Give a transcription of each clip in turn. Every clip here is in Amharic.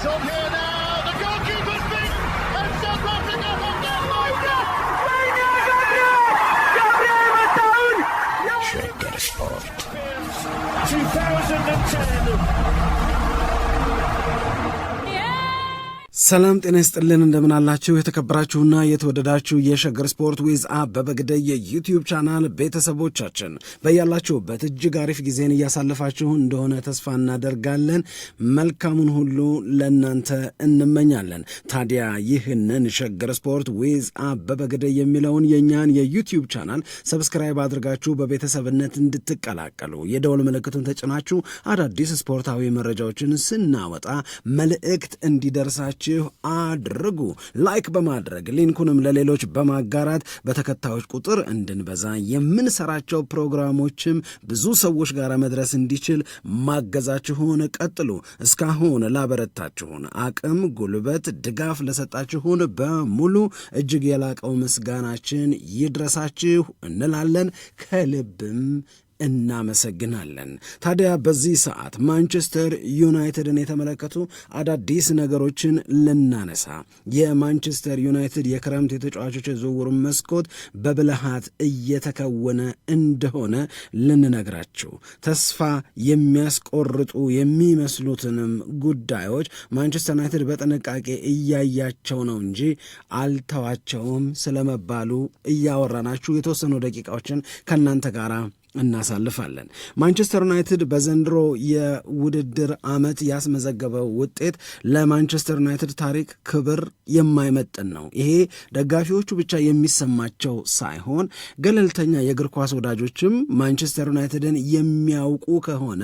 It's on here. ሰላም ጤና ይስጥልን እንደምን አላችሁ? የተከበራችሁና የተወደዳችሁ የሸገር ስፖርት ዊዝ አበበ ግደይ የዩትዩብ ቻናል ቤተሰቦቻችን በያላችሁበት እጅግ አሪፍ ጊዜን እያሳለፋችሁ እንደሆነ ተስፋ እናደርጋለን። መልካሙን ሁሉ ለእናንተ እንመኛለን። ታዲያ ይህንን ሸገር ስፖርት ዊዝ አበበ ግደይ የሚለውን የእኛን የዩትዩብ ቻናል ሰብስክራይብ አድርጋችሁ በቤተሰብነት እንድትቀላቀሉ የደወል ምልክቱን ተጭናችሁ አዳዲስ ስፖርታዊ መረጃዎችን ስናወጣ መልእክት እንዲደርሳችሁ እንዲሁ አድርጉ። ላይክ በማድረግ ሊንኩንም ለሌሎች በማጋራት በተከታዮች ቁጥር እንድንበዛ የምንሰራቸው ፕሮግራሞችም ብዙ ሰዎች ጋር መድረስ እንዲችል ማገዛችሁን ቀጥሉ። እስካሁን ላበረታችሁን አቅም፣ ጉልበት፣ ድጋፍ ለሰጣችሁን በሙሉ እጅግ የላቀው ምስጋናችን ይድረሳችሁ እንላለን ከልብም እናመሰግናለን። ታዲያ በዚህ ሰዓት ማንቸስተር ዩናይትድን የተመለከቱ አዳዲስ ነገሮችን ልናነሳ የማንቸስተር ዩናይትድ የክረምት የተጫዋቾች ዝውውር መስኮት በብልሃት እየተከወነ እንደሆነ ልንነግራችሁ ተስፋ የሚያስቆርጡ የሚመስሉትንም ጉዳዮች ማንቸስተር ዩናይትድ በጥንቃቄ እያያቸው ነው እንጂ አልተዋቸውም ስለመባሉ እያወራናችሁ የተወሰኑ ደቂቃዎችን ከእናንተ ጋር እናሳልፋለን። ማንቸስተር ዩናይትድ በዘንድሮ የውድድር ዓመት ያስመዘገበው ውጤት ለማንቸስተር ዩናይትድ ታሪክ ክብር የማይመጥን ነው። ይሄ ደጋፊዎቹ ብቻ የሚሰማቸው ሳይሆን ገለልተኛ የእግር ኳስ ወዳጆችም ማንቸስተር ዩናይትድን የሚያውቁ ከሆነ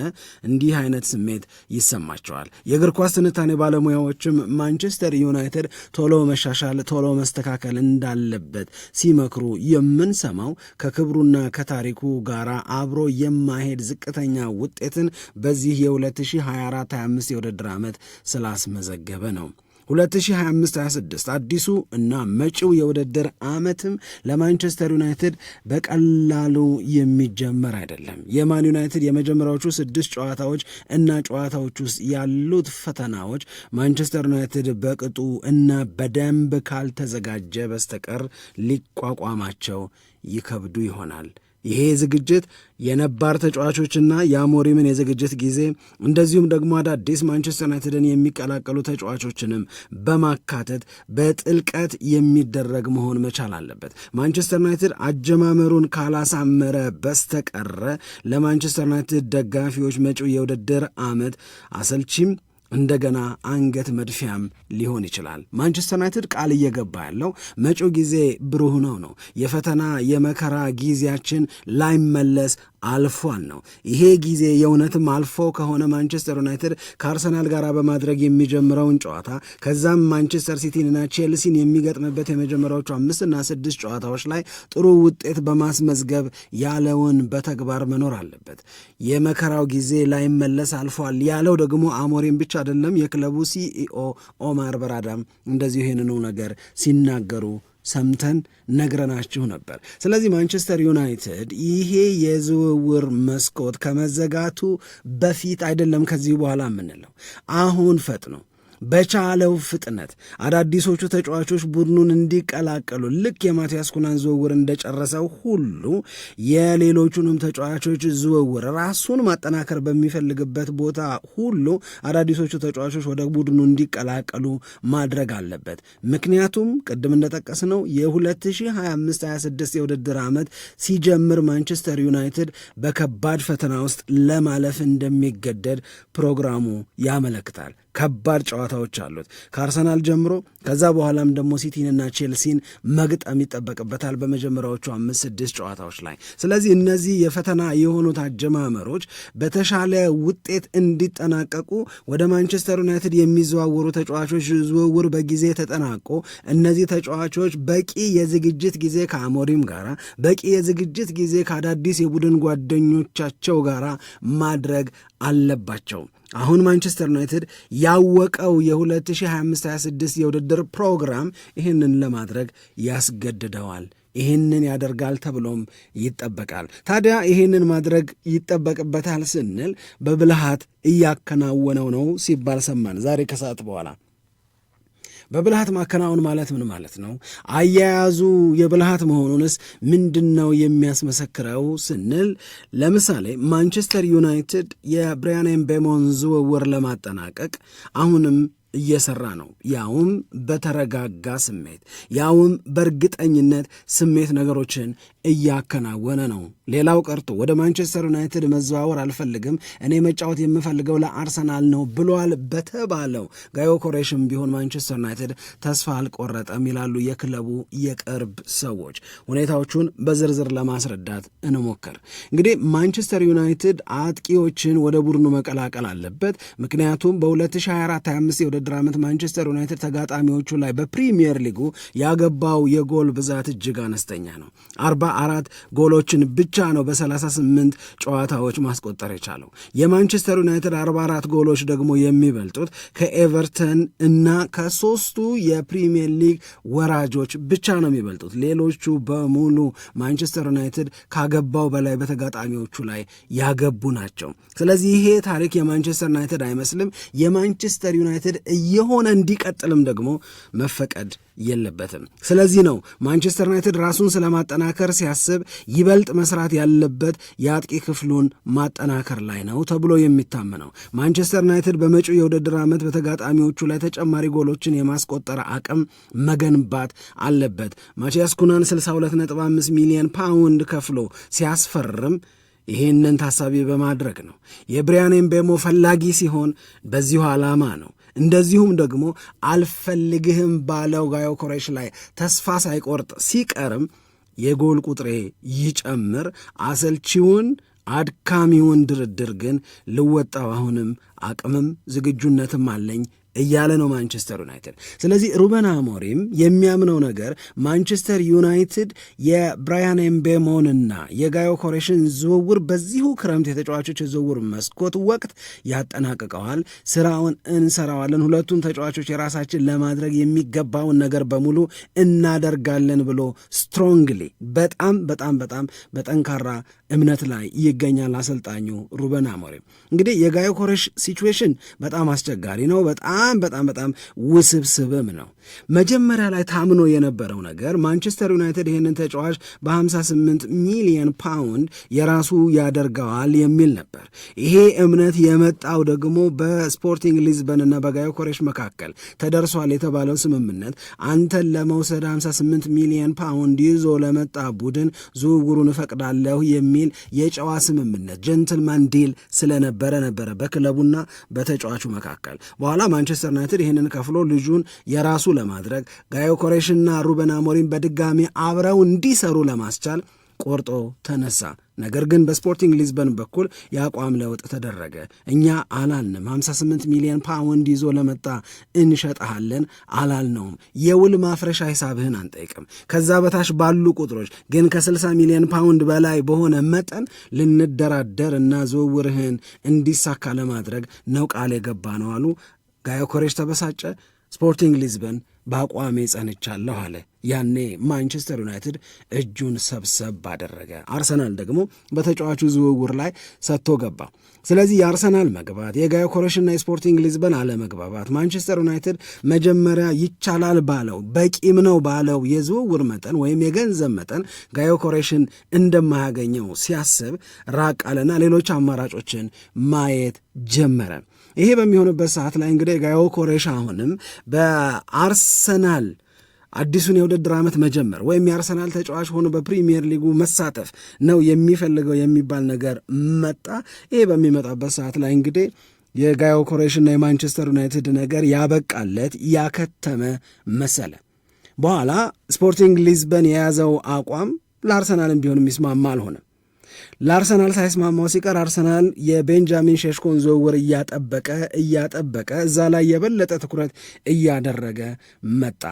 እንዲህ አይነት ስሜት ይሰማቸዋል። የእግር ኳስ ትንታኔ ባለሙያዎችም ማንቸስተር ዩናይትድ ቶሎ መሻሻል፣ ቶሎ መስተካከል እንዳለበት ሲመክሩ የምንሰማው ከክብሩና ከታሪኩ ጋራ አብሮ የማሄድ ዝቅተኛ ውጤትን በዚህ የ2024/25 የውድድር ዓመት ስላስመዘገበ ነው። 2025/26 አዲሱ እና መጪው የውድድር ዓመትም ለማንቸስተር ዩናይትድ በቀላሉ የሚጀመር አይደለም። የማን ዩናይትድ የመጀመሪያዎቹ ስድስት ጨዋታዎች እና ጨዋታዎች ውስጥ ያሉት ፈተናዎች ማንቸስተር ዩናይትድ በቅጡ እና በደንብ ካልተዘጋጀ በስተቀር ሊቋቋማቸው ይከብዱ ይሆናል። ይሄ ዝግጅት የነባር ተጫዋቾችና የአሞሪምን የዝግጅት ጊዜ እንደዚሁም ደግሞ አዳዲስ ማንቸስተር ዩናይትድን የሚቀላቀሉ ተጫዋቾችንም በማካተት በጥልቀት የሚደረግ መሆን መቻል አለበት። ማንቸስተር ዩናይትድ አጀማመሩን ካላሳመረ በስተቀረ ለማንቸስተር ዩናይትድ ደጋፊዎች መጪው የውድድር ዓመት አሰልቺም እንደገና አንገት መድፊያም ሊሆን ይችላል። ማንቸስተር ዩናይትድ ቃል እየገባ ያለው መጪው ጊዜ ብሩህ ነው ነው የፈተና የመከራ ጊዜያችን ላይመለስ አልፏል ነው። ይሄ ጊዜ የእውነትም አልፎ ከሆነ ማንቸስተር ዩናይትድ ከአርሰናል ጋር በማድረግ የሚጀምረውን ጨዋታ ከዛም ማንቸስተር ሲቲንና ቼልሲን የሚገጥምበት የመጀመሪያዎቹ አምስትና ስድስት ጨዋታዎች ላይ ጥሩ ውጤት በማስመዝገብ ያለውን በተግባር መኖር አለበት። የመከራው ጊዜ ላይመለስ አልፏል ያለው ደግሞ አሞሪም ብቻ አይደለም። የክለቡ ሲኢኦ ኦማር በራዳም እንደዚሁ ይህንኑ ነገር ሲናገሩ ሰምተን ነግረናችሁ ነበር። ስለዚህ ማንቸስተር ዩናይትድ ይሄ የዝውውር መስኮት ከመዘጋቱ በፊት አይደለም ከዚህ በኋላ የምንለው አሁን ፈጥነው በቻለው ፍጥነት አዳዲሶቹ ተጫዋቾች ቡድኑን እንዲቀላቀሉ ልክ የማቲያስ ኩናን ዝውውር እንደጨረሰው ሁሉ የሌሎቹንም ተጫዋቾች ዝውውር ራሱን ማጠናከር በሚፈልግበት ቦታ ሁሉ አዳዲሶቹ ተጫዋቾች ወደ ቡድኑ እንዲቀላቀሉ ማድረግ አለበት። ምክንያቱም ቅድም እንደጠቀስነው የ2025/26 የውድድር ዓመት ሲጀምር ማንቸስተር ዩናይትድ በከባድ ፈተና ውስጥ ለማለፍ እንደሚገደድ ፕሮግራሙ ያመለክታል። ከባድ ጨዋታዎች አሉት ከአርሰናል ጀምሮ። ከዛ በኋላም ደግሞ ሲቲንና ቼልሲን መግጠም ይጠበቅበታል በመጀመሪያዎቹ አምስት ስድስት ጨዋታዎች ላይ። ስለዚህ እነዚህ የፈተና የሆኑት አጀማመሮች በተሻለ ውጤት እንዲጠናቀቁ ወደ ማንቸስተር ዩናይትድ የሚዘዋወሩ ተጫዋቾች ዝውውር በጊዜ ተጠናቆ እነዚህ ተጫዋቾች በቂ የዝግጅት ጊዜ ከአሞሪም ጋር በቂ የዝግጅት ጊዜ ከአዳዲስ የቡድን ጓደኞቻቸው ጋር ማድረግ አለባቸው። አሁን ማንቸስተር ዩናይትድ ያወቀው የ2025/26 የውድድር ፕሮግራም ይህንን ለማድረግ ያስገድደዋል። ይህንን ያደርጋል ተብሎም ይጠበቃል። ታዲያ ይህንን ማድረግ ይጠበቅበታል ስንል በብልሃት እያከናወነው ነው ሲባል ሰማን ዛሬ ከሰዓት በኋላ በብልሃት ማከናወን ማለት ምን ማለት ነው? አያያዙ የብልሃት መሆኑንስ ምንድን ነው የሚያስመሰክረው ስንል ለምሳሌ ማንቸስተር ዩናይትድ የብሪያን ኤምቤሞን ዝውውር ለማጠናቀቅ አሁንም እየሰራ ነው። ያውም በተረጋጋ ስሜት፣ ያውም በእርግጠኝነት ስሜት ነገሮችን እያከናወነ ነው። ሌላው ቀርቶ ወደ ማንቸስተር ዩናይትድ መዘዋወር አልፈልግም፣ እኔ መጫወት የምፈልገው ለአርሰናል ነው ብሏል በተባለው ጋዮ ኮሬሽም ቢሆን ማንቸስተር ዩናይትድ ተስፋ አልቆረጠም ይላሉ የክለቡ የቅርብ ሰዎች። ሁኔታዎቹን በዝርዝር ለማስረዳት እንሞክር። እንግዲህ ማንቸስተር ዩናይትድ አጥቂዎችን ወደ ቡድኑ መቀላቀል አለበት። ምክንያቱም በ2024/25 የውድድር ዓመት ማንቸስተር ዩናይትድ ተጋጣሚዎቹ ላይ በፕሪሚየር ሊጉ ያገባው የጎል ብዛት እጅግ አነስተኛ ነው አራት ጎሎችን ብቻ ነው በ38 ጨዋታዎች ማስቆጠር የቻለው። የማንቸስተር ዩናይትድ 44 ጎሎች ደግሞ የሚበልጡት ከኤቨርተን እና ከሶስቱ የፕሪሚየር ሊግ ወራጆች ብቻ ነው የሚበልጡት። ሌሎቹ በሙሉ ማንቸስተር ዩናይትድ ካገባው በላይ በተጋጣሚዎቹ ላይ ያገቡ ናቸው። ስለዚህ ይሄ ታሪክ የማንቸስተር ዩናይትድ አይመስልም። የማንቸስተር ዩናይትድ እየሆነ እንዲቀጥልም ደግሞ መፈቀድ የለበትም። ስለዚህ ነው ማንቸስተር ዩናይትድ ራሱን ስለማጠናከር ሲያስብ ይበልጥ መስራት ያለበት የአጥቂ ክፍሉን ማጠናከር ላይ ነው ተብሎ የሚታመነው። ማንቸስተር ዩናይትድ በመጪው የውድድር ዓመት በተጋጣሚዎቹ ላይ ተጨማሪ ጎሎችን የማስቆጠር አቅም መገንባት አለበት። ማቲያስ ኩናን 62.5 ሚሊዮን ፓውንድ ከፍሎ ሲያስፈርም ይህንን ታሳቢ በማድረግ ነው። የብሪያን ኤምቤሞ ፈላጊ ሲሆን በዚሁ ዓላማ ነው። እንደዚሁም ደግሞ አልፈልግህም ባለው ጋዮ ኮሬሽ ላይ ተስፋ ሳይቆርጥ ሲቀርም የጎል ቁጥሬ ይጨምር፣ አሰልቺውን አድካሚውን ድርድር ግን ልወጣው አሁንም አቅምም ዝግጁነትም አለኝ እያለ ነው ማንቸስተር ዩናይትድ። ስለዚህ ሩበን አሞሪም የሚያምነው ነገር ማንቸስተር ዩናይትድ የብራያን ኤምቤሞንና የጋዮ ኮሬሽን ዝውውር በዚሁ ክረምት የተጫዋቾች የዝውውር መስኮት ወቅት ያጠናቅቀዋል። ስራውን እንሰራዋለን፣ ሁለቱን ተጫዋቾች የራሳችን ለማድረግ የሚገባውን ነገር በሙሉ እናደርጋለን ብሎ ስትሮንግሊ በጣም በጣም በጣም በጠንካራ እምነት ላይ ይገኛል አሰልጣኙ ሩበን አሞሪም። እንግዲህ የጋዮ ኮሬሽ ሲቹዌሽን በጣም አስቸጋሪ ነው በጣም በጣም በጣም በጣም ውስብስብም ነው። መጀመሪያ ላይ ታምኖ የነበረው ነገር ማንቸስተር ዩናይትድ ይህንን ተጫዋች በ58 ሚሊዮን ፓውንድ የራሱ ያደርገዋል የሚል ነበር። ይሄ እምነት የመጣው ደግሞ በስፖርቲንግ ሊዝበንና በጋዮ ኮሬሽ መካከል ተደርሷል የተባለው ስምምነት አንተን ለመውሰድ 58 ሚሊዮን ፓውንድ ይዞ ለመጣ ቡድን ዝውውሩን እፈቅዳለሁ የሚል የጨዋ ስምምነት ጀንትልማን ዲል ስለነበረ ነበረ በክለቡና በተጫዋቹ መካከል በኋላ ማንቸስተር ዩናይትድ ይህንን ከፍሎ ልጁን የራሱ ለማድረግ ጋዮ ኮሬሽና ሩበን አሞሪም በድጋሚ አብረው እንዲሰሩ ለማስቻል ቆርጦ ተነሳ። ነገር ግን በስፖርቲንግ ሊዝበን በኩል የአቋም ለውጥ ተደረገ። እኛ አላልንም 58 ሚሊዮን ፓውንድ ይዞ ለመጣ እንሸጠሃለን አላልነውም። የውል ማፍረሻ ሂሳብህን አንጠይቅም። ከዛ በታች ባሉ ቁጥሮች ግን ከ60 ሚሊዮን ፓውንድ በላይ በሆነ መጠን ልንደራደር እና ዝውውርህን እንዲሳካ ለማድረግ ነው ቃል የገባ ነው አሉ። ጋዮ ኮሬሽ ተበሳጨ። ስፖርቲንግ ሊዝበን በአቋሜ ጸንቻለሁ አለ። ያኔ ማንቸስተር ዩናይትድ እጁን ሰብሰብ አደረገ። አርሰናል ደግሞ በተጫዋቹ ዝውውር ላይ ሰጥቶ ገባ። ስለዚህ የአርሰናል መግባት፣ የጋዮ ኮሬሽና የስፖርቲንግ ሊዝበን አለመግባባት፣ ማንቸስተር ዩናይትድ መጀመሪያ ይቻላል ባለው በቂም ነው ባለው የዝውውር መጠን ወይም የገንዘብ መጠን ጋዮ ኮሬሽን እንደማያገኘው ሲያስብ ራቅ አለና ሌሎች አማራጮችን ማየት ጀመረ። ይሄ በሚሆንበት ሰዓት ላይ እንግዲህ ጋዮ ኮሬሽ አሁንም በአርሰናል አዲሱን የውድድር ዓመት መጀመር ወይም የአርሰናል ተጫዋች ሆኖ በፕሪሚየር ሊጉ መሳተፍ ነው የሚፈልገው የሚባል ነገር መጣ። ይሄ በሚመጣበት ሰዓት ላይ እንግዲህ የጋዮ ኮሬሽና የማንቸስተር ዩናይትድ ነገር ያበቃለት ያከተመ መሰለ። በኋላ ስፖርቲንግ ሊዝበን የያዘው አቋም ለአርሰናልም ቢሆን የሚስማማ አልሆነም። ለአርሰናል ሳይስማማው ሲቀር አርሰናል የቤንጃሚን ሼሽኮን ዝውውር እያጠበቀ እያጠበቀ እዛ ላይ የበለጠ ትኩረት እያደረገ መጣ።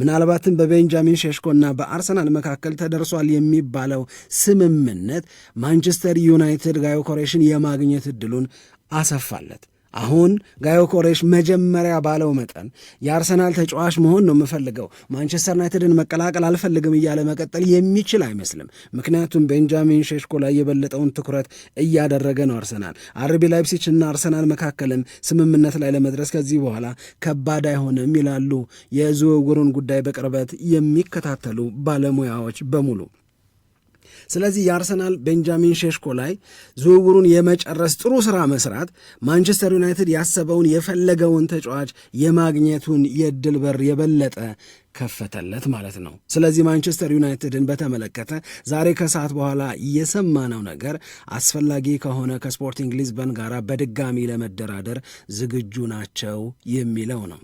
ምናልባትም በቤንጃሚን ሼሽኮና በአርሰናል መካከል ተደርሷል የሚባለው ስምምነት ማንቸስተር ዩናይትድ ጋዮ ኮሬሽን የማግኘት እድሉን አሰፋለት። አሁን ጋዮ ኮሬሽ መጀመሪያ ባለው መጠን የአርሰናል ተጫዋች መሆን ነው የምፈልገው፣ ማንቸስተር ዩናይትድን መቀላቀል አልፈልግም እያለ መቀጠል የሚችል አይመስልም። ምክንያቱም ቤንጃሚን ሼሽኮ ላይ የበለጠውን ትኩረት እያደረገ ነው አርሰናል። አርቢ ላይፕሲች እና አርሰናል መካከልም ስምምነት ላይ ለመድረስ ከዚህ በኋላ ከባድ አይሆንም ይላሉ የዝውውሩን ጉዳይ በቅርበት የሚከታተሉ ባለሙያዎች በሙሉ። ስለዚህ የአርሰናል ቤንጃሚን ሼሽኮ ላይ ዝውውሩን የመጨረስ ጥሩ ስራ መስራት ማንቸስተር ዩናይትድ ያሰበውን የፈለገውን ተጫዋች የማግኘቱን የድል በር የበለጠ ከፈተለት ማለት ነው። ስለዚህ ማንቸስተር ዩናይትድን በተመለከተ ዛሬ ከሰዓት በኋላ የሰማነው ነገር አስፈላጊ ከሆነ ከስፖርቲንግ ሊዝበን ጋር በድጋሚ ለመደራደር ዝግጁ ናቸው የሚለው ነው።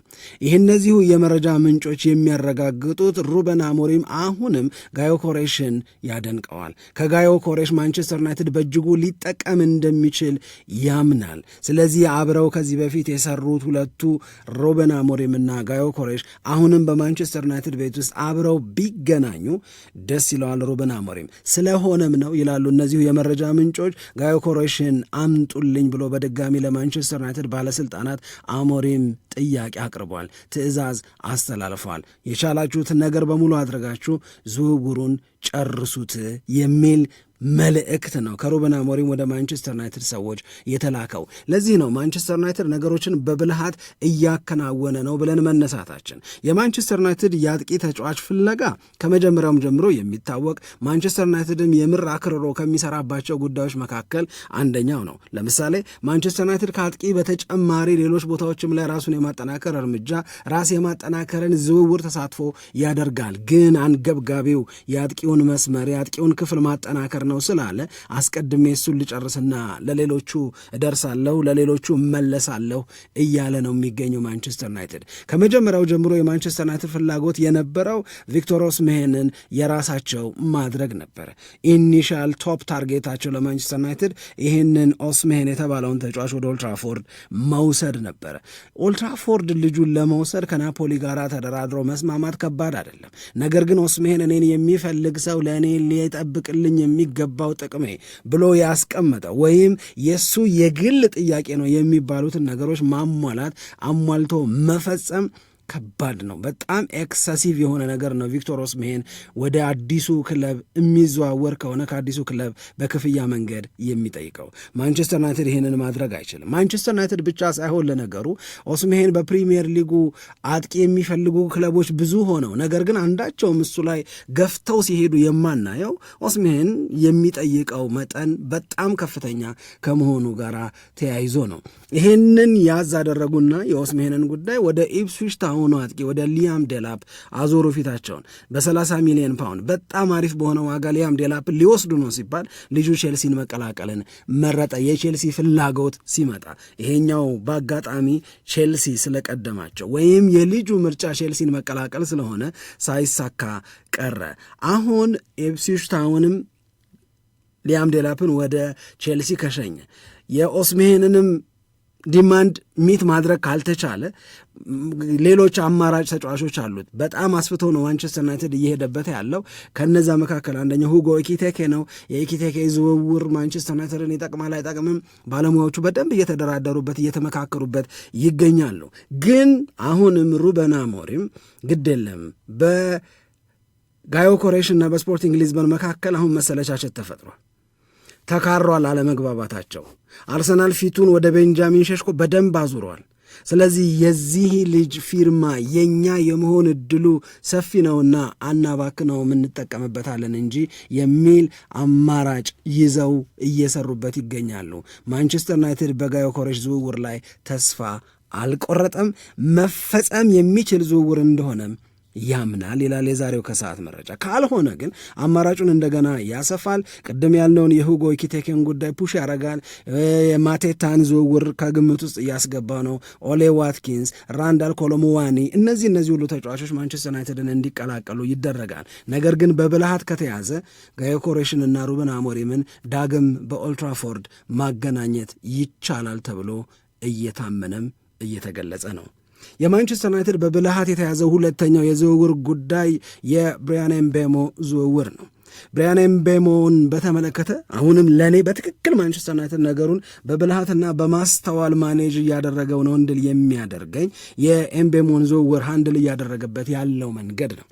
ይህ እነዚሁ የመረጃ ምንጮች የሚያረጋግጡት ሩበን አሞሪም አሁንም ጋዮ ኮሬሽን ያደንቀዋል። ከጋዮ ኮሬሽ ማንቸስተር ዩናይትድ በእጅጉ ሊጠቀም እንደሚችል ያምናል። ስለዚህ አብረው ከዚህ በፊት የሰሩት ሁለቱ ሩበን እና ጋዮ ኮሬሽ አሁንም በማንቸስተር ማንቸስተር ዩናይትድ ቤት ውስጥ አብረው ቢገናኙ ደስ ይለዋል ሩበን አሞሪም። ስለሆነም ነው ይላሉ እነዚሁ የመረጃ ምንጮች ጋዮ ኮሮሽን አምጡልኝ ብሎ በድጋሚ ለማንቸስተር ዩናይትድ ባለስልጣናት አሞሪም ጥያቄ አቅርቧል፣ ትዕዛዝ አስተላልፏል። የቻላችሁትን ነገር በሙሉ አድርጋችሁ ዝውውሩን ጨርሱት የሚል መልእክት ነው ከሩበን አሞሪም ወደ ማንቸስተር ዩናይትድ ሰዎች የተላከው። ለዚህ ነው ማንቸስተር ዩናይትድ ነገሮችን በብልሃት እያከናወነ ነው ብለን መነሳታችን። የማንቸስተር ዩናይትድ የአጥቂ ተጫዋች ፍለጋ ከመጀመሪያውም ጀምሮ የሚታወቅ ማንቸስተር ዩናይትድም የምር አክርሮ ከሚሰራባቸው ጉዳዮች መካከል አንደኛው ነው። ለምሳሌ ማንቸስተር ዩናይትድ ከአጥቂ በተጨማሪ ሌሎች ቦታዎችም ላይ ራሱን የማጠናከር እርምጃ፣ ራስ የማጠናከርን ዝውውር ተሳትፎ ያደርጋል። ግን አንገብጋቢው የአጥቂውን መስመር የአጥቂውን ክፍል ማጠናከር ነው ስላለ አስቀድሜ እሱን ልጨርስና ለሌሎቹ እደርሳለሁ፣ ለሌሎቹ መለሳለሁ እያለ ነው የሚገኘው ማንቸስተር ዩናይትድ። ከመጀመሪያው ጀምሮ የማንቸስተር ዩናይትድ ፍላጎት የነበረው ቪክቶር ኦስሜሄንን የራሳቸው ማድረግ ነበር። ኢኒሻል ቶፕ ታርጌታቸው ለማንቸስተር ዩናይትድ ይህንን ኦስሜሄን የተባለውን ተጫዋች ወደ ኦልትራፎርድ መውሰድ ነበረ። ኦልትራፎርድ ልጁን ለመውሰድ ከናፖሊ ጋር ተደራድሮ መስማማት ከባድ አይደለም። ነገር ግን ኦስሜሄን እኔን የሚፈልግ ሰው ለእኔ ሊጠብቅልኝ የሚገ የሚገባው ጥቅሜ ብሎ ያስቀመጠው ወይም የእሱ የግል ጥያቄ ነው የሚባሉትን ነገሮች ማሟላት አሟልቶ መፈጸም ከባድ ነው። በጣም ኤክሰሲቭ የሆነ ነገር ነው። ቪክቶር ኦስሜሄን ወደ አዲሱ ክለብ የሚዘዋወር ከሆነ ከአዲሱ ክለብ በክፍያ መንገድ የሚጠይቀው ማንቸስተር ዩናይትድ ይህንን ማድረግ አይችልም። ማንቸስተር ዩናይትድ ብቻ ሳይሆን ለነገሩ ኦስሜሄን በፕሪሚየር ሊጉ አጥቂ የሚፈልጉ ክለቦች ብዙ ሆነው ነገር ግን አንዳቸውም እሱ ላይ ገፍተው ሲሄዱ የማናየው ኦስሜሄን የሚጠይቀው መጠን በጣም ከፍተኛ ከመሆኑ ጋር ተያይዞ ነው። ይህንን ያዝ አደረጉና የኦስሜሄንን ጉዳይ ወደ ኢፕስዊች ታውን የአሁኑ አጥቂ ወደ ሊያም ዴላፕ አዞሮ ፊታቸውን በ30 ሚሊዮን ፓውንድ በጣም አሪፍ በሆነ ዋጋ ሊያም ዴላፕ ሊወስዱ ነው ሲባል ልጁ ቼልሲን መቀላቀልን መረጠ። የቼልሲ ፍላጎት ሲመጣ ይሄኛው በአጋጣሚ ቼልሲ ስለቀደማቸው ወይም የልጁ ምርጫ ቼልሲን መቀላቀል ስለሆነ ሳይሳካ ቀረ። አሁን ኢፕስዊች ታውንም ሊያም ዴላፕን ወደ ቼልሲ ከሸኘ የኦስሜሄንንም ዲማንድ ሚት ማድረግ ካልተቻለ ሌሎች አማራጭ ተጫዋቾች አሉት። በጣም አስፍቶ ነው ማንቸስተር ዩናይትድ እየሄደበት ያለው። ከነዛ መካከል አንደኛው ሁጎ ኢኪቴኬ ነው። የኢኪቴኬ ዝውውር ማንቸስተር ዩናይትድን ይጠቅማል አይጠቅምም፣ ባለሙያዎቹ በደንብ እየተደራደሩበት እየተመካከሩበት ይገኛሉ። ግን አሁንም ሩበን አሞሪም ግድ የለም በጋዮ ኮሬሽ እና በስፖርቲንግ ሊዝበን መካከል አሁን መሰለቻቸት ተፈጥሯል። ተካሯል አለመግባባታቸው። አርሰናል ፊቱን ወደ ቤንጃሚን ሸሽኮ በደንብ አዙሯል። ስለዚህ የዚህ ልጅ ፊርማ የእኛ የመሆን እድሉ ሰፊ ነውና አናባክ ነው እንጠቀምበታለን እንጂ የሚል አማራጭ ይዘው እየሰሩበት ይገኛሉ። ማንቸስተር ዩናይትድ በጋዮ ኮሬሽ ዝውውር ላይ ተስፋ አልቆረጠም። መፈጸም የሚችል ዝውውር እንደሆነም ያምናል ይላል የዛሬው ከሰዓት መረጃ። ካልሆነ ግን አማራጩን እንደገና ያሰፋል። ቅድም ያልነውን የሁጎ ኢኪቴኬን ጉዳይ ፑሽ ያረጋል። የማቴታን ዝውውር ከግምት ውስጥ እያስገባ ነው። ኦሌ ዋትኪንስ፣ ራንዳል ኮሎሞዋኒ፣ እነዚህ እነዚህ ሁሉ ተጫዋቾች ማንቸስተር ዩናይትድን እንዲቀላቀሉ ይደረጋል። ነገር ግን በብልሃት ከተያዘ እና ሩበን አሞሪምን ዳግም በኦልትራፎርድ ማገናኘት ይቻላል ተብሎ እየታመነም እየተገለጸ ነው። የማንቸስተር ዩናይትድ በብልሃት የተያዘው ሁለተኛው የዝውውር ጉዳይ የብሪያን ኤምቤሞ ዝውውር ነው። ብሪያን ኤምቤሞን በተመለከተ አሁንም ለእኔ በትክክል ማንቸስተር ዩናይትድ ነገሩን በብልሃትና በማስተዋል ማኔጅ እያደረገው ነው እንድል የሚያደርገኝ የኤምቤሞን ዝውውር ሀንድል እያደረገበት ያለው መንገድ ነው።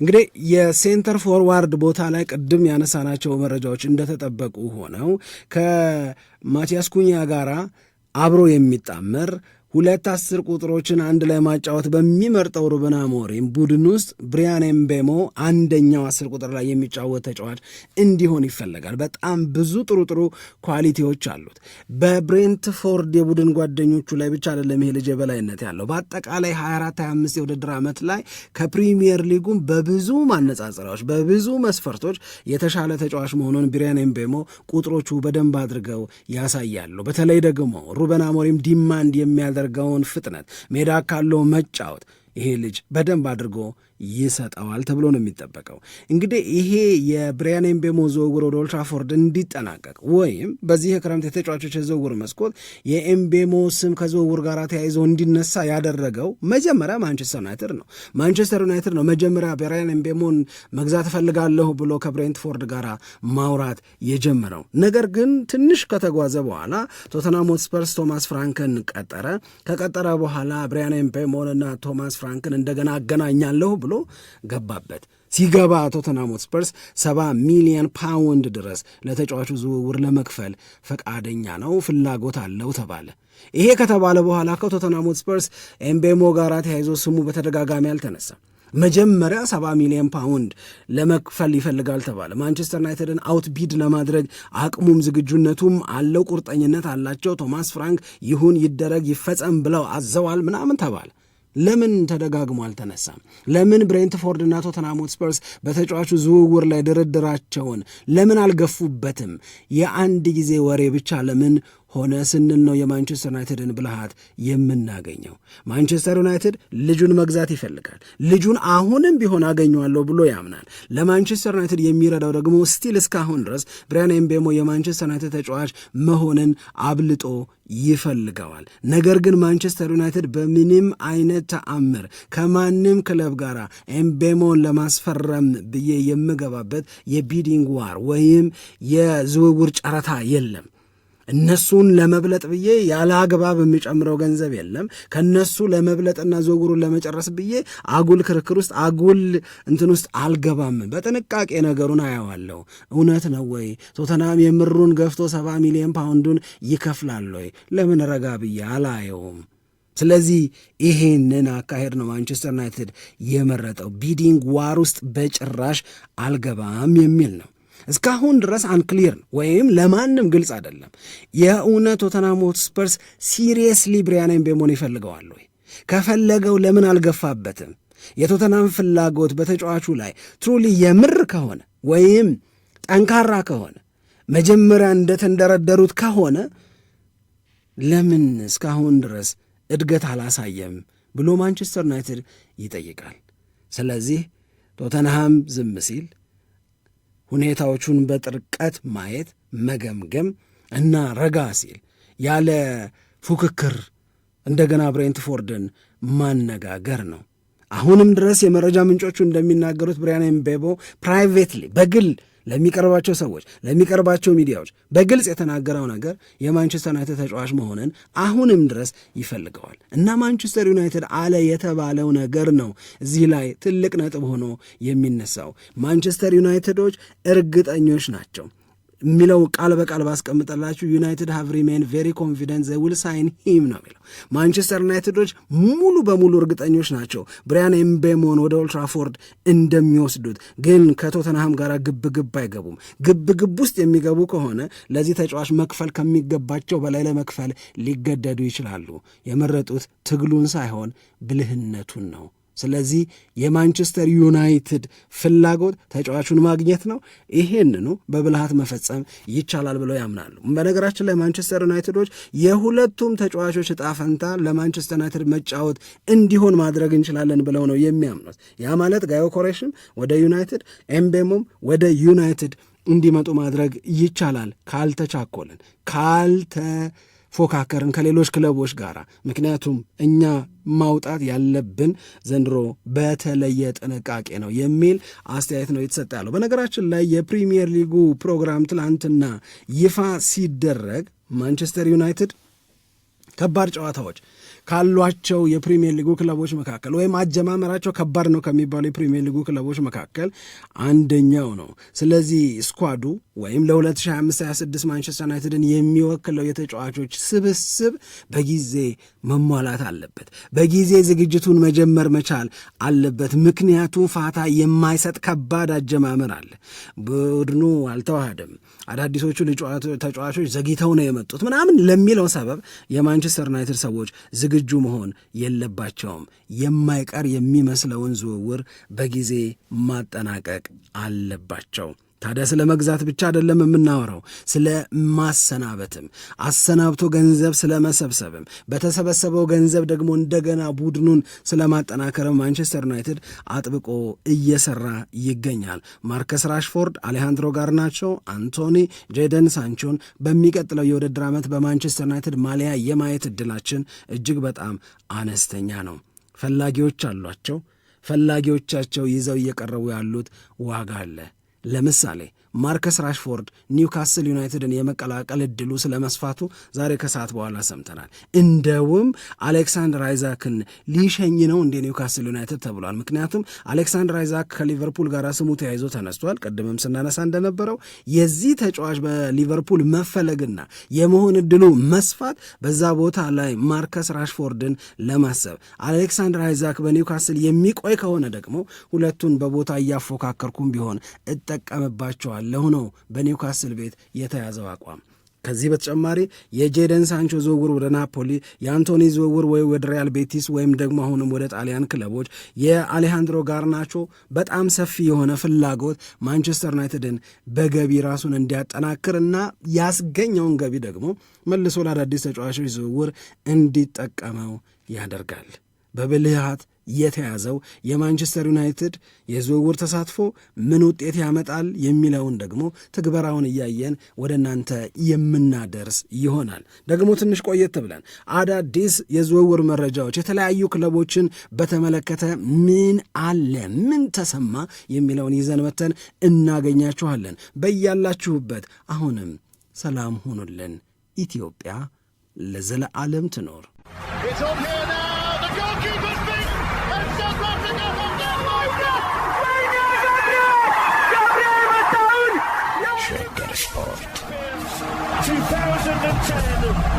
እንግዲህ የሴንተር ፎርዋርድ ቦታ ላይ ቅድም ያነሳናቸው መረጃዎች እንደተጠበቁ ሆነው ከማቲያስ ኩኛ ጋራ አብሮ የሚጣመር ሁለት አስር ቁጥሮችን አንድ ላይ ማጫወት በሚመርጠው ሩበን አሞሪም ቡድን ውስጥ ብሪያን ኤምቤሞ አንደኛው አስር ቁጥር ላይ የሚጫወት ተጫዋች እንዲሆን ይፈለጋል። በጣም ብዙ ጥሩ ጥሩ ኳሊቲዎች አሉት። በብሬንትፎርድ የቡድን ጓደኞቹ ላይ ብቻ አይደለም ይሄ ልጅ የበላይነት ያለው በአጠቃላይ 24 25 የውድድር ዓመት ላይ ከፕሪሚየር ሊጉም በብዙ ማነጻጸሪያዎች በብዙ መስፈርቶች የተሻለ ተጫዋች መሆኑን ብሪያን ኤምቤሞ ቁጥሮቹ በደንብ አድርገው ያሳያሉ። በተለይ ደግሞ ሩበን አሞሪም ዲማንድ የሚያደርግ የሚያደርገውን ፍጥነት ሜዳ ካለው መጫወት ይሄ ልጅ በደንብ አድርጎ ይሰጠዋል ተብሎ ነው የሚጠበቀው። እንግዲህ ይሄ የብሪያን ኤምቤሞ ዝውውር ወደ ኦልትራፎርድ እንዲጠናቀቅ ወይም በዚህ የክረምት የተጫዋቾች የዝውውር መስኮት የኤምቤሞ ስም ከዝውውር ጋር ተያይዞ እንዲነሳ ያደረገው መጀመሪያ ማንቸስተር ዩናይትድ ነው። ማንቸስተር ዩናይትድ ነው መጀመሪያ ብሪያን ኤምቤሞን መግዛት እፈልጋለሁ ብሎ ከብሬንትፎርድ ጋር ማውራት የጀመረው። ነገር ግን ትንሽ ከተጓዘ በኋላ ቶተናም ሆትስፐርስ ቶማስ ፍራንክን ቀጠረ። ከቀጠረ በኋላ ብሪያን ኤምቤሞንና ቶማስ ፍራንክን እንደገና አገናኛለሁ ብሎ ገባበት። ሲገባ ቶተንሃም ሆትስፐርስ ሰባ ሚሊዮን ፓውንድ ድረስ ለተጫዋቹ ዝውውር ለመክፈል ፈቃደኛ ነው፣ ፍላጎት አለው ተባለ። ይሄ ከተባለ በኋላ ከው ቶተንሃም ኤምቤሞ ጋር ተያይዞ ስሙ በተደጋጋሚ አልተነሳም። መጀመሪያ ሰባ ሚሊዮን ፓውንድ ለመክፈል ይፈልጋል ተባለ። ማንቸስተር ዩናይትድን አውትቢድ ለማድረግ አቅሙም ዝግጁነቱም አለው፣ ቁርጠኝነት አላቸው። ቶማስ ፍራንክ ይሁን ይደረግ ይፈጸም ብለው አዘዋል ምናምን ተባለ። ለምን ተደጋግሞ አልተነሳም? ለምን ብሬንትፎርድ እና ቶተናም ሆትስፐርስ በተጫዋቹ ዝውውር ላይ ድርድራቸውን ለምን አልገፉበትም? የአንድ ጊዜ ወሬ ብቻ ለምን ሆነ ስንል ነው የማንቸስተር ዩናይትድን ብልሃት የምናገኘው። ማንቸስተር ዩናይትድ ልጁን መግዛት ይፈልጋል። ልጁን አሁንም ቢሆን አገኘዋለሁ ብሎ ያምናል። ለማንቸስተር ዩናይትድ የሚረዳው ደግሞ ስቲል እስካሁን ድረስ ብሪያን ኤምቤሞ የማንቸስተር ዩናይትድ ተጫዋች መሆንን አብልጦ ይፈልገዋል። ነገር ግን ማንቸስተር ዩናይትድ በምንም አይነት ተአምር ከማንም ክለብ ጋር ኤምቤሞን ለማስፈረም ብዬ የምገባበት የቢዲንግ ዋር ወይም የዝውውር ጨረታ የለም። እነሱን ለመብለጥ ብዬ ያለ አግባብ የሚጨምረው ገንዘብ የለም። ከነሱ ለመብለጥና ዝውውሩን ለመጨረስ ብዬ አጉል ክርክር ውስጥ አጉል እንትን ውስጥ አልገባም። በጥንቃቄ ነገሩን አየዋለሁ። እውነት ነው ወይ ቶተናም የምሩን ገፍቶ ሰባ ሚሊዮን ፓውንዱን ይከፍላል ወይ? ለምን ረጋ ብዬ አላየውም። ስለዚህ ይሄንን አካሄድ ነው ማንቸስተር ዩናይትድ የመረጠው። ቢዲንግ ዋር ውስጥ በጭራሽ አልገባም የሚል ነው። እስካሁን ድረስ አንክሊር ነው ወይም ለማንም ግልጽ አይደለም። የእውነት ቶተንሃም ሆትስፐርስ ሲሪየስሊ ብሪያን ምቤሞን ይፈልገዋል ወይ? ከፈለገው ለምን አልገፋበትም? የቶተንሃም ፍላጎት በተጫዋቹ ላይ ትሩሊ የምር ከሆነ ወይም ጠንካራ ከሆነ መጀመሪያ እንደተንደረደሩት ከሆነ ለምን እስካሁን ድረስ እድገት አላሳየም ብሎ ማንቸስተር ዩናይትድ ይጠይቃል። ስለዚህ ቶተንሃም ዝም ሲል ሁኔታዎቹን በጥርቀት ማየት መገምገም እና ረጋ ሲል ያለ ፉክክር እንደገና ብሬንትፎርድን ማነጋገር ነው። አሁንም ድረስ የመረጃ ምንጮቹ እንደሚናገሩት ብሪያን ኤምቤሞ ፕራይቬትሊ በግል ለሚቀርባቸው ሰዎች ለሚቀርባቸው ሚዲያዎች በግልጽ የተናገረው ነገር የማንቸስተር ዩናይትድ ተጫዋች መሆንን አሁንም ድረስ ይፈልገዋል እና ማንቸስተር ዩናይትድ አለ የተባለው ነገር ነው እዚህ ላይ ትልቅ ነጥብ ሆኖ የሚነሳው። ማንቸስተር ዩናይትዶች እርግጠኞች ናቸው የሚለው ቃል በቃል ባስቀምጠላችሁ ዩናይትድ ሃቭ ሪሜን ቬሪ ኮንፊደንት ዘ ዊል ሳይን ሂም ነው የሚለው። ማንቸስተር ዩናይትዶች ሙሉ በሙሉ እርግጠኞች ናቸው ብሪያን ኤምቤሞን ወደ ኦልትራፎርድ እንደሚወስዱት። ግን ከቶተንሃም ጋር ግብግብ አይገቡም። ግብግብ ውስጥ የሚገቡ ከሆነ ለዚህ ተጫዋች መክፈል ከሚገባቸው በላይ ለመክፈል ሊገደዱ ይችላሉ። የመረጡት ትግሉን ሳይሆን ብልህነቱን ነው። ስለዚህ የማንቸስተር ዩናይትድ ፍላጎት ተጫዋቹን ማግኘት ነው። ይሄንኑ በብልሃት መፈጸም ይቻላል ብለው ያምናሉ። በነገራችን ላይ ማንቸስተር ዩናይትዶች የሁለቱም ተጫዋቾች እጣ ፈንታ ለማንቸስተር ዩናይትድ መጫወት እንዲሆን ማድረግ እንችላለን ብለው ነው የሚያምኑት። ያ ማለት ጋዮ ኮሬሽም ወደ ዩናይትድ፣ ኤምቤሞም ወደ ዩናይትድ እንዲመጡ ማድረግ ይቻላል ካልተቻኮልን ካልተ ፎካከርን ከሌሎች ክለቦች ጋር። ምክንያቱም እኛ ማውጣት ያለብን ዘንድሮ በተለየ ጥንቃቄ ነው የሚል አስተያየት ነው የተሰጠ ያለው። በነገራችን ላይ የፕሪሚየር ሊጉ ፕሮግራም ትናንትና ይፋ ሲደረግ ማንቸስተር ዩናይትድ ከባድ ጨዋታዎች ካሏቸው የፕሪሚየር ሊጉ ክለቦች መካከል ወይም አጀማመራቸው ከባድ ነው ከሚባሉ የፕሪሚየር ሊጉ ክለቦች መካከል አንደኛው ነው። ስለዚህ ስኳዱ ወይም ለ2025/26 ማንቸስተር ዩናይትድን የሚወክለው የተጫዋቾች ስብስብ በጊዜ መሟላት አለበት። በጊዜ ዝግጅቱን መጀመር መቻል አለበት። ምክንያቱም ፋታ የማይሰጥ ከባድ አጀማመር አለ። ቡድኑ አልተዋሃደም። አዳዲሶቹ ተጫዋቾች ዘግይተው ነው የመጡት ምናምን ለሚለው ሰበብ የማንቸስተር ዩናይትድ ሰዎች ዝግጁ መሆን የለባቸውም። የማይቀር የሚመስለውን ዝውውር በጊዜ ማጠናቀቅ አለባቸው። ታዲያ ስለ መግዛት ብቻ አይደለም የምናወራው፣ ስለ ማሰናበትም፣ አሰናብቶ ገንዘብ ስለ መሰብሰብም፣ በተሰበሰበው ገንዘብ ደግሞ እንደገና ቡድኑን ስለ ማጠናከርም ማንቸስተር ዩናይትድ አጥብቆ እየሰራ ይገኛል። ማርከስ ራሽፎርድ፣ አሌሃንድሮ ጋርናቾ፣ አንቶኒ፣ ጄደን ሳንቾን በሚቀጥለው የውድድር ዓመት በማንቸስተር ዩናይትድ ማሊያ የማየት እድላችን እጅግ በጣም አነስተኛ ነው። ፈላጊዎች አሏቸው። ፈላጊዎቻቸው ይዘው እየቀረቡ ያሉት ዋጋ አለ። ለምሳሌ ማርከስ ራሽፎርድ ኒውካስል ዩናይትድን የመቀላቀል እድሉ ስለመስፋቱ ዛሬ ከሰዓት በኋላ ሰምተናል። እንደውም አሌክሳንድር አይዛክን ሊሸኝ ነው እንደ ኒውካስል ዩናይትድ ተብሏል። ምክንያቱም አሌክሳንድር አይዛክ ከሊቨርፑል ጋር ስሙ ተያይዞ ተነስቷል። ቅድምም ስናነሳ እንደነበረው የዚህ ተጫዋች በሊቨርፑል መፈለግና የመሆን እድሉ መስፋት በዛ ቦታ ላይ ማርከስ ራሽፎርድን ለማሰብ አሌክሳንድር አይዛክ በኒውካስል የሚቆይ ከሆነ ደግሞ ሁለቱን በቦታ እያፎካከርኩም ቢሆን እጠቀምባቸዋል ያለው ነው በኒውካስል ቤት የተያዘው አቋም። ከዚህ በተጨማሪ የጄደን ሳንቾ ዝውውር ወደ ናፖሊ፣ የአንቶኒ ዝውውር ወይ ወደ ሪያል ቤቲስ ወይም ደግሞ አሁንም ወደ ጣሊያን ክለቦች፣ የአሌሃንድሮ ጋርናቾ በጣም ሰፊ የሆነ ፍላጎት ማንቸስተር ዩናይትድን በገቢ ራሱን እንዲያጠናክር እና ያስገኘውን ገቢ ደግሞ መልሶ ለአዳዲስ ተጫዋቾች ዝውውር እንዲጠቀመው ያደርጋል። በብልሃት የተያዘው የማንቸስተር ዩናይትድ የዝውውር ተሳትፎ ምን ውጤት ያመጣል የሚለውን ደግሞ ትግበራውን እያየን ወደ እናንተ የምናደርስ ይሆናል። ደግሞ ትንሽ ቆየት ብለን አዳዲስ የዝውውር መረጃዎች የተለያዩ ክለቦችን በተመለከተ ምን አለ፣ ምን ተሰማ የሚለውን ይዘን መተን እናገኛችኋለን። በያላችሁበት አሁንም ሰላም ሆኑልን። ኢትዮጵያ ለዘለዓለም ትኖር። Alexander.